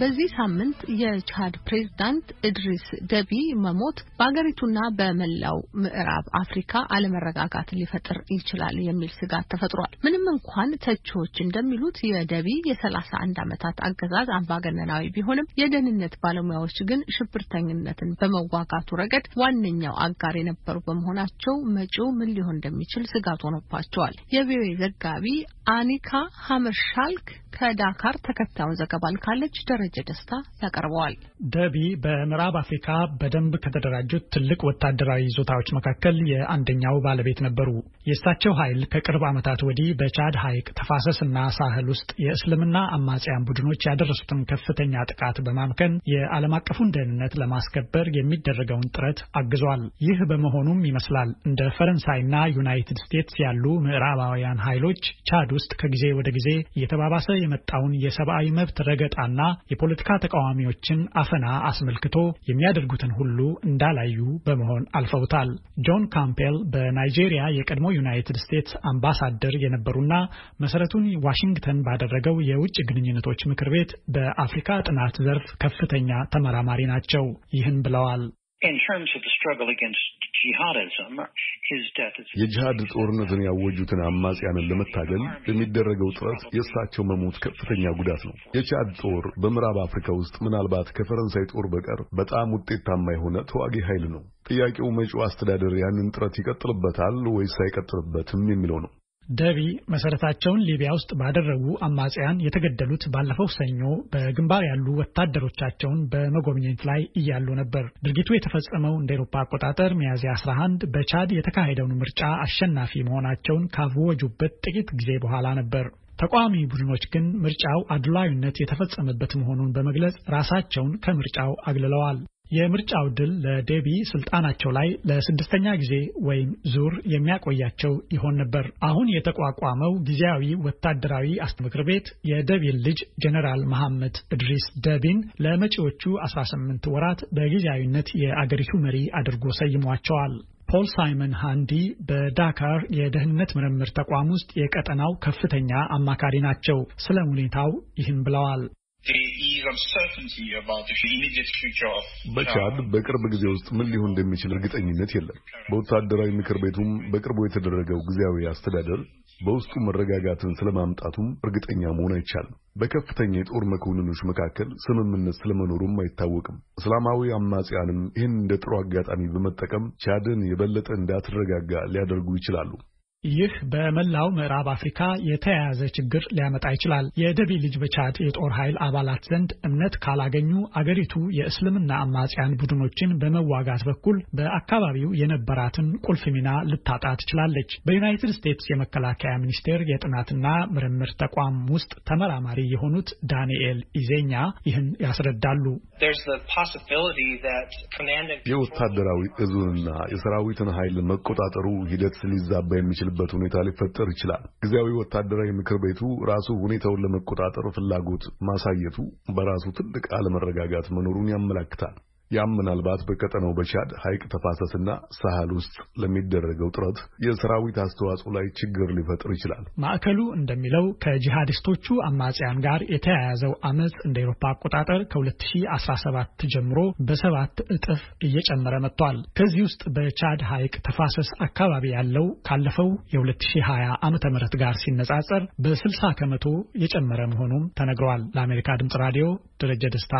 በዚህ ሳምንት የቻድ ፕሬዝዳንት ኢድሪስ ደቢ መሞት በአገሪቱና በመላው ምዕራብ አፍሪካ አለመረጋጋት ሊፈጥር ይችላል የሚል ስጋት ተፈጥሯል። ምንም እንኳን ተቺዎች እንደሚሉት የደቢ የሰላሳ አንድ ዓመታት አገዛዝ አምባገነናዊ ቢሆንም የደህንነት ባለሙያዎች ግን ሽብርተኝነትን በመዋጋቱ ረገድ ዋነኛው አጋር የነበሩ በመሆናቸው መጪው ምን ሊሆን እንደሚችል ስጋት ሆኖባቸዋል። የቪኦኤ ዘጋቢ አኒካ ሀመርሻልክ ከዳካር ተከታዩን ዘገባ ልካለች። ደረጀ ደስታ ያቀርበዋል። ደቢ በምዕራብ አፍሪካ በደንብ ከተደራጁት ትልቅ ወታደራዊ ይዞታዎች መካከል የአንደኛው ባለቤት ነበሩ። የእሳቸው ኃይል ከቅርብ ዓመታት ወዲህ በቻድ ሐይቅ ተፋሰስና ሳህል ውስጥ የእስልምና አማጽያን ቡድኖች ያደረሱትን ከፍተኛ ጥቃት በማምከን የዓለም አቀፉን ደህንነት ለማስከበር የሚደረገውን ጥረት አግዟል። ይህ በመሆኑም ይመስላል እንደ ፈረንሳይና ዩናይትድ ስቴትስ ያሉ ምዕራባውያን ኃይሎች ቻድ ውስጥ ከጊዜ ወደ ጊዜ እየተባባሰ የመጣውን የሰብአዊ መብት ረገጣና የፖለቲካ ተቃዋሚዎችን አፈና አስመልክቶ የሚያደርጉትን ሁሉ እንዳላዩ በመሆን አልፈውታል። ጆን ካምፔል በናይጄሪያ የቀድሞ ዩናይትድ ስቴትስ አምባሳደር የነበሩና መሰረቱን ዋሽንግተን ባደረገው የውጭ ግንኙነቶች ምክር ቤት በአፍሪካ ጥናት ዘርፍ ከፍተኛ ተመራማሪ ናቸው። ይህን ብለዋል። In terms of the struggle against jihadism የጂሃድ ጦርነትን ያወጁትን አማጽያንን ለመታገል በሚደረገው ጥረት የእሳቸው መሞት ከፍተኛ ጉዳት ነው። የቻድ ጦር በምዕራብ አፍሪካ ውስጥ ምናልባት ከፈረንሳይ ጦር በቀር በጣም ውጤታማ የሆነ ተዋጊ ኃይል ነው። ጥያቄው መጪው አስተዳደር ያንን ጥረት ይቀጥልበታል ወይስ አይቀጥልበትም የሚለው ነው። ደቢ መሠረታቸውን ሊቢያ ውስጥ ባደረጉ አማጽያን የተገደሉት ባለፈው ሰኞ በግንባር ያሉ ወታደሮቻቸውን በመጎብኘት ላይ እያሉ ነበር። ድርጊቱ የተፈጸመው እንደ ኤሮፓ አቆጣጠር ሚያዝያ 11 በቻድ የተካሄደውን ምርጫ አሸናፊ መሆናቸውን ካወጁበት ጥቂት ጊዜ በኋላ ነበር። ተቃዋሚ ቡድኖች ግን ምርጫው አድላዊነት የተፈጸመበት መሆኑን በመግለጽ ራሳቸውን ከምርጫው አግልለዋል። የምርጫው ድል ለዴቢ ስልጣናቸው ላይ ለስድስተኛ ጊዜ ወይም ዙር የሚያቆያቸው ይሆን ነበር። አሁን የተቋቋመው ጊዜያዊ ወታደራዊ አስተዳደር ምክር ቤት የደቢን ልጅ ጀነራል መሐመድ እድሪስ ደቢን ለመጪዎቹ 18 ወራት በጊዜያዊነት የአገሪቱ መሪ አድርጎ ሰይሟቸዋል። ፖል ሳይመን ሃንዲ በዳካር የደህንነት ምርምር ተቋም ውስጥ የቀጠናው ከፍተኛ አማካሪ ናቸው። ስለ ሁኔታው ይህን ብለዋል። በቻድ በቅርብ ጊዜ ውስጥ ምን ሊሆን እንደሚችል እርግጠኝነት የለም። በወታደራዊ ምክር ቤቱም በቅርቡ የተደረገው ጊዜያዊ አስተዳደር በውስጡ መረጋጋትን ስለማምጣቱም እርግጠኛ መሆን አይቻልም። በከፍተኛ የጦር መኮንኖች መካከል ስምምነት ስለመኖሩም አይታወቅም። እስላማዊ አማጽያንም ይህን እንደ ጥሩ አጋጣሚ በመጠቀም ቻድን የበለጠ እንዳትረጋጋ ሊያደርጉ ይችላሉ። ይህ በመላው ምዕራብ አፍሪካ የተያያዘ ችግር ሊያመጣ ይችላል። የደቢ ልጅ በቻድ የጦር ኃይል አባላት ዘንድ እምነት ካላገኙ አገሪቱ የእስልምና አማጽያን ቡድኖችን በመዋጋት በኩል በአካባቢው የነበራትን ቁልፍ ሚና ልታጣ ትችላለች። በዩናይትድ ስቴትስ የመከላከያ ሚኒስቴር የጥናትና ምርምር ተቋም ውስጥ ተመራማሪ የሆኑት ዳንኤል ኢዜኛ ይህን ያስረዳሉ። የወታደራዊ እዙንና የሰራዊትን ኃይል መቆጣጠሩ ሂደት ሊዛባ የሚችል የሚችልበት ሁኔታ ሊፈጠር ይችላል። ጊዜያዊ ወታደራዊ ምክር ቤቱ ራሱ ሁኔታውን ለመቆጣጠር ፍላጎት ማሳየቱ በራሱ ትልቅ አለመረጋጋት መኖሩን ያመላክታል። ያም ምናልባት በቀጠናው በቻድ ሐይቅ ተፋሰስና ሳህል ውስጥ ለሚደረገው ጥረት የሰራዊት አስተዋጽኦ ላይ ችግር ሊፈጥር ይችላል። ማዕከሉ እንደሚለው ከጂሃዲስቶቹ አማጽያን ጋር የተያያዘው አመፅ እንደ ኤሮፓ አቆጣጠር ከ2017 ጀምሮ በሰባት እጥፍ እየጨመረ መጥቷል። ከዚህ ውስጥ በቻድ ሐይቅ ተፋሰስ አካባቢ ያለው ካለፈው የ2020 ዓ.ም ጋር ሲነጻጸር በ60 ከመቶ የጨመረ መሆኑም ተነግሯል። ለአሜሪካ ድምጽ ራዲዮ ደረጀ ደስታ